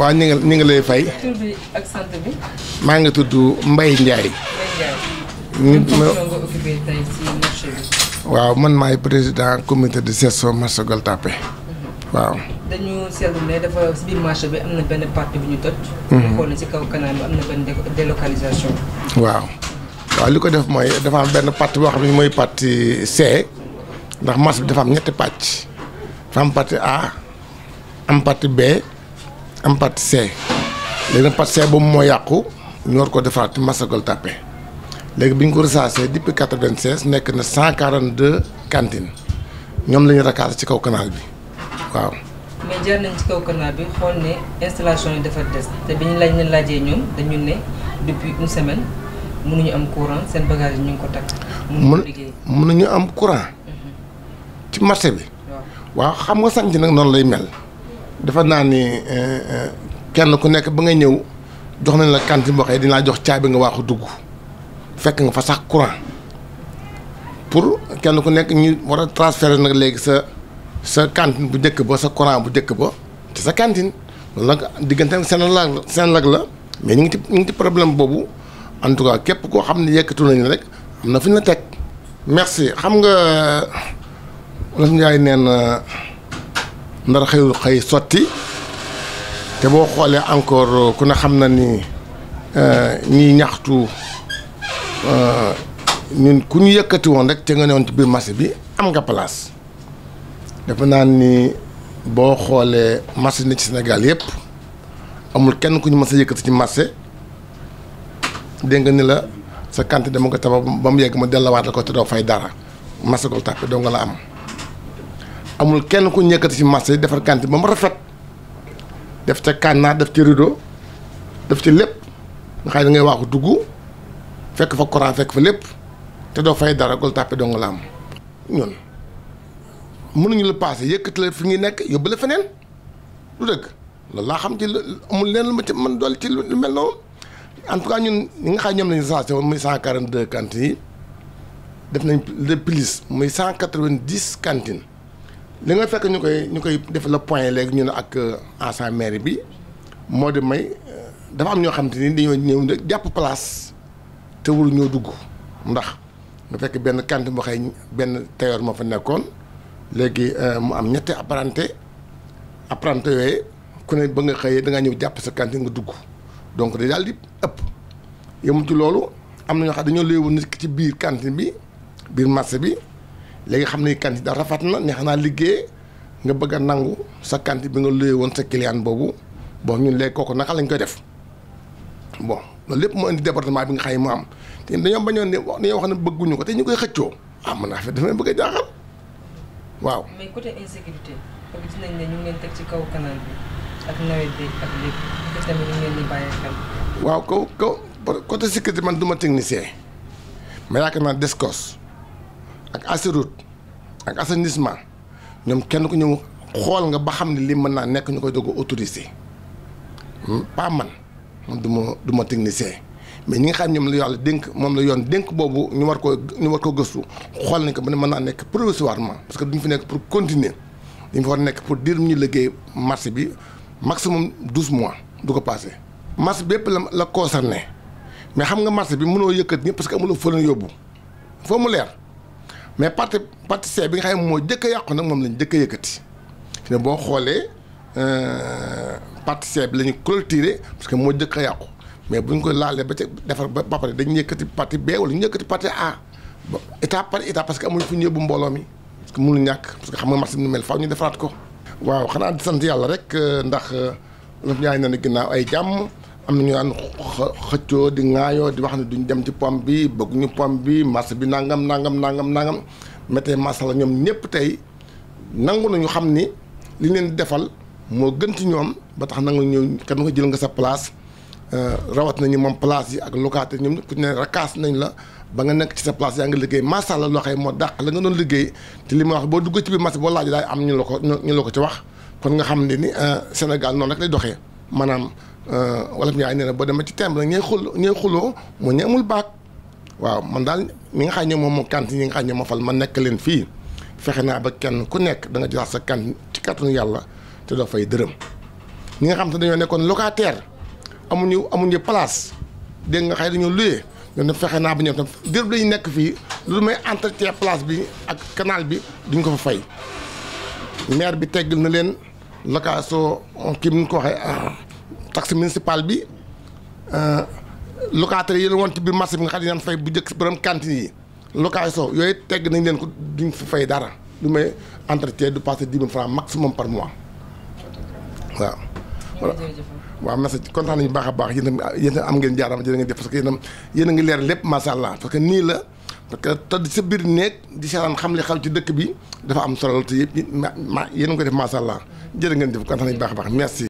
waa ñu ngi ñu ngi lay fay. tur maa ngi tudd mbay Ndiaye. waaw man maay président comité de gestion marché Gueule-Tapée. Mhm. waaw. dañu seetlu bi am bi am na benn mhm. waaw li ko def mooy dafa am benn partie boo xam ne mooy partie C ndax marché bi dafa am ñetti pàcc dafa am A am partie B. am partie C léegi nag partie C boobu moo yàqu ñoor war ko defaraat ci Massagol Tappé léegi bi ñu ko recensé depuis quatre-vingt-seize nekk na cent quarante-deux cantines ñoom lañuy ñu ci kaw canal bi waaw. mais jaar nañ ci kaw canal bi xool ne installation yi dafa des te bi ñu laaj ñu ñoom dañu ne depuis une semaine mënuñu am courant seen bagage yi ñu ngi ko takk. mënuñu mun nañu am courant. Mhm. ci marché bi. waaw xam nga sànq nag noonu lay mel. dafa naa ni eh, eh, kenn ku nekk ba nga ñëw jox nañ la cantine boo xam ne dina la jox caabi nga waaxu dugg fekk nga fa sax courant pour kenn ku nekk ñu war a transférer nag léegi sa sa cantine bu njëkk ba sa courant bu njëkk ba te sa cantine loolu nag diggante ak seen lag seen lag la mais ñu ngi ci ñu ngi ci problème boobu en tout cas képp koo xam ne yëkkatu nañu rek am na fu ñu la teg. merci xam nga Wolof Njaay nee ndar xëyul xëy sotti te boo xoolee encore euh, ku ne xam na ni euh, ñiy ñaxtu euh, ñun ku ñu yëkkati woon rek te nga ne woon ci biir marché bi am nga place dafa naan ni boo xoolee marché ni ci Sénégal yëpp amul kenn ku ñu mës a yëkkati ci marché dégg nga ni la sa quantité dama ko tabax ba mu yegg ma delluwaat la ko te doo fay dara marché Gueule Tapée doo nga la am. amul kenn ku ñëkkati si marché defar cantine ba mu rafet def ca kànnaar def ca rideau def ci lépp nga xam ne da ngay waaxu dugg fekk fa courant fekk fa lépp te doo fay dara gol tàppe dong la am ñun mënuñu la paase yëkkati la fi ngi nekk yóbbu feneen du dëgg loolu laa xam ci amul leen lu ma ci mën dool ci lu mel noonu en tout cas ñun ñi nga xam ñoom lañu sensé woon muy cent quarante deux cantines yi def nañ de plus muy cent quatre vingt dix cantines li nga fekk ñu koy ñu koy def la point léegi ñu ne ak euh, ancien maire bi moo di may euh, dafa am ñoo xam te ni dañoo ñëw ne jàpp place te wul ñoo dugg ndax nga fekk benn kant boo xëy benn tailleur moo fa nekkoon léegi euh, mu am ñetti apprenti apprenti yooyu ku ne ba nga xëyee da nga ñëw jàpp sa kant nga dugg donc da daal di ëpp yemu ci loolu am na ñoo xam dañoo léewu nit ci biir kant bi biir marché bi léegi xam ne candidat rafat na ne xanaa liggéey nga bëgg a nangu sa kanti bi nga luyee woon sa client boobu bon ñun léegi kooku naka lañ koy def bon loolu lépp moo indi département bi nga xam ne mu am te dañoo ne dañoo ko te ñu koy xëccoo ah man affaire dafa bëgg a jaaxal waaw. mais côté kaw kaw kaw côté sécurité man du ma technicien mais yaakaar naa DSCOS ak assurut ak assainissement ñoom kenn ku ñëw xool nga ba xam ne lii mën naa nekk ñu koy doog autorisé hmm? pas man man du ma du ma technicien mais ñi nga xam ñoom la yàlla dénk moom la yoon dénk boobu ñu war koo ñu war koo gëstu xool nañ ko ba ne mën naa nekk provisoirement parce que duñ fi nekk pour continuer dañ fa war nekk pour diir ñu liggéey marché bi maximum douze mois du ko passé. marché bi yëpp la la concerné mais xam nga marché bi mënoo yëkkat ñëpp parce que amuloo fële yóbbu foo mu leer. mais parti parti C bi nga xam ne moo jëkk a yàqu nag moom lañ jëkk a yëkkati fi ne boo xoolee euh, parti C bi la ñu clôturé parce que moo jëkk yàqu mais bu ñu ko laalee ba ca defar ba pare dañ yëkkati parti B wala ñu yëkkati parti A ba étape par étape parce que amuñu fu ñu mbooloo mi parce que mënul ñàkk parce que xam nga marché nu mel faaw ñu defaraat ko. waaw xanaa di sant yàlla rek euh, ndax euh, ñoom ñaari na ne ginnaaw ay jàmm. am na ñu daan xëccoo di ŋaayoo di wax ne duñ dem ci pom bi bëgguñu pom bi marché bi nangam nangam nangam nangam mais tey marché la ñoom ñëpp tey nangu ñu xam ni li leen defal moo gën ci ñoom ba tax nangu ñu kenn ko jël nga sa place euh, rawat nañu moom place yi ak locataire ñoom ku ne rakaas nañ la ba nga nekk ci sa place yaa ngi liggéey macha allah loo xam moo dàq la nga doon liggéey te li ma wax boo dugg ci bi marché boo laaj laay am ñu la ko ñu la ko ci wax kon nga xam ne ni euh, Sénégal noonu rek lay doxee. maanaam euh, wala yaay nee na boo demee ci temb nag ñooy xul ñooy xuloo moo mu ñeemul baag waaw man daal ñi nga xam ne moom moo kantin ñi nga xam moo fal ma nekk leen fii fexe naa ba kenn ku nekk danga nga jox sa kantin ci kàttanu yàlla te doo fay dërëm ñi nga xam si dañoo nekkoon locataire amuñu amuñu place dégg nga xay dañoo luyee ñoom tam fexe naa ba ñoom tam diir dañu nekk fii lu may entretien place bi ak kanaal bi duñ ko fa fay maire bi teggil na leen location kii mu ko waxee euh, taxe municipale bi euh, locataires yi la woon ci biir marché bi nga xam ne daan fay bu njëkk borom cantine yi location yooyu tegg nañ leen ko duñ fa fay dara lu may entretien du passé dix mille francs maximum par mois waaw. waaw merci kontaan nañu baax a baax yéen tam am ngeen jaarama jërë ngeen parce que yéen ngi leer lépp macha allah parce que nii la. parce que tëdd sa biir néeg di seetaan xam li xaw ci dëkk bi dafa am solo te yéen ma ma yéen a ngi koy def macha allah jërë ngeen jëf kontaan nañu baax a baax